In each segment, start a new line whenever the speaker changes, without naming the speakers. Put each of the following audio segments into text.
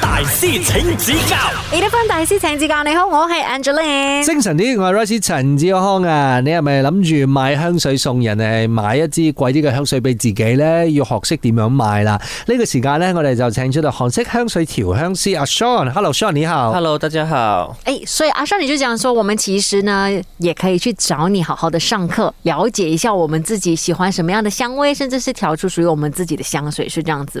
大師請指教
，Elephant 大師請指教。你好，我係 Angelina 精神啲，我係 Rose 陳志康啊。你係咪諗住買香水送人，定係買一支貴啲嘅香水俾自己咧？要學識點樣買啦。呢、這個時間咧，我哋就請出到韓式香水調香師阿 Shawn。 Hello Shawn，你好。
Hello，
大家好。
誒、哎，所以阿 Shawn，你就講說，我們其實呢，也可以去找你，好好的上課，了解一下我們自己喜歡什麼樣的香味，甚至是調出屬於我們自己的香水，是這樣子。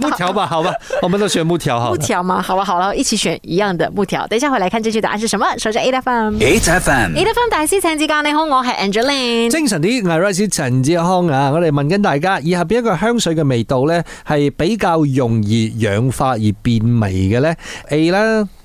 木
條吧，好吧，我們都選木條，好木條
嗎？好吧，好了，一起選一樣的木條。等下回來看正確答案是什麼。首先，A 的范，A 的范，A 的范，大師請指教，你好，我
係 Angelina，精神啲，艾 Rice 陳志康啊。我哋問緊大家，以下邊一個香水嘅味道咧，係比較容易氧化而變味嘅咧，A 啦。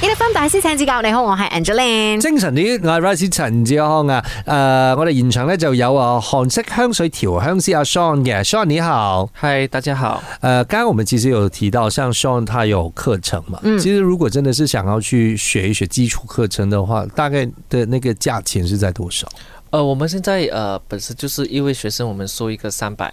一麗芬大師請指教，你好，我係 Angeline。精神點，阿 Rice 請指教啊，誒，我哋、嗯呃、現場咧就有啊，韓式香水調香師阿、啊、Sean，嘅。Sean 你好 Hi 大家好。誒、呃，剛剛我們其實有提到，像 Sean 他有課程嘛，嗯、其實如果真的是想要去學一學基礎課程的話，大概的那個價錢是在多少？
呃，我們現在呃本身就是一位學生，我們收一個三百。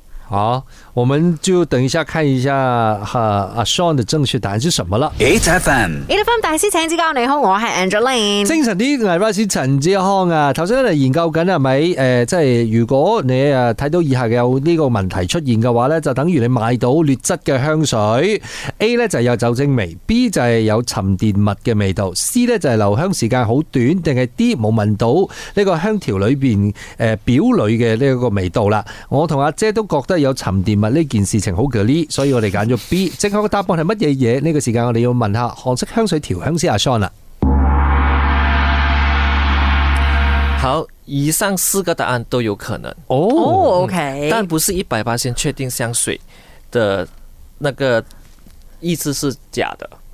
好，我們就等一下看一下哈，阿 Sean 的正確答案是什麼啦。Eight FM，Eight FM 大師請指教。你好，我係 Angelina。精神啲藝術家陳志康啊，頭先嚟，研究緊係咪？誒、呃，即係如果你啊睇到以下嘅有呢個問題出現嘅話咧，就等於你買到劣質嘅香水。A 咧就係、是，有酒精味，B 就係有沉澱物嘅味道，C 咧就係、是，留香時間好短，定係 D 冇聞到呢個香條裏邊誒、呃、表裏嘅呢一個味道啦。我同阿姐都覺得。有沉澱物呢件事情好 gelly，所以我哋揀咗 B。正確嘅答案係乜嘢嘢？呢、這個時間我哋要問下韓式香水調香師阿、啊、Shawn 啦。
好，以上四個答案都有可能哦、嗯、哦，OK，但不是一百巴仙確定香水的那個意思是假的。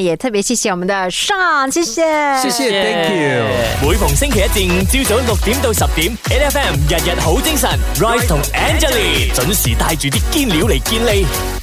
也特別謝謝我們的 Shawn，謝謝，謝謝 Yeah，Thank
you。每逢星期一至五朝早六點到十點，FM
日日好精神 Rice Rise 同 Angelina 準時帶住啲堅料嚟見你。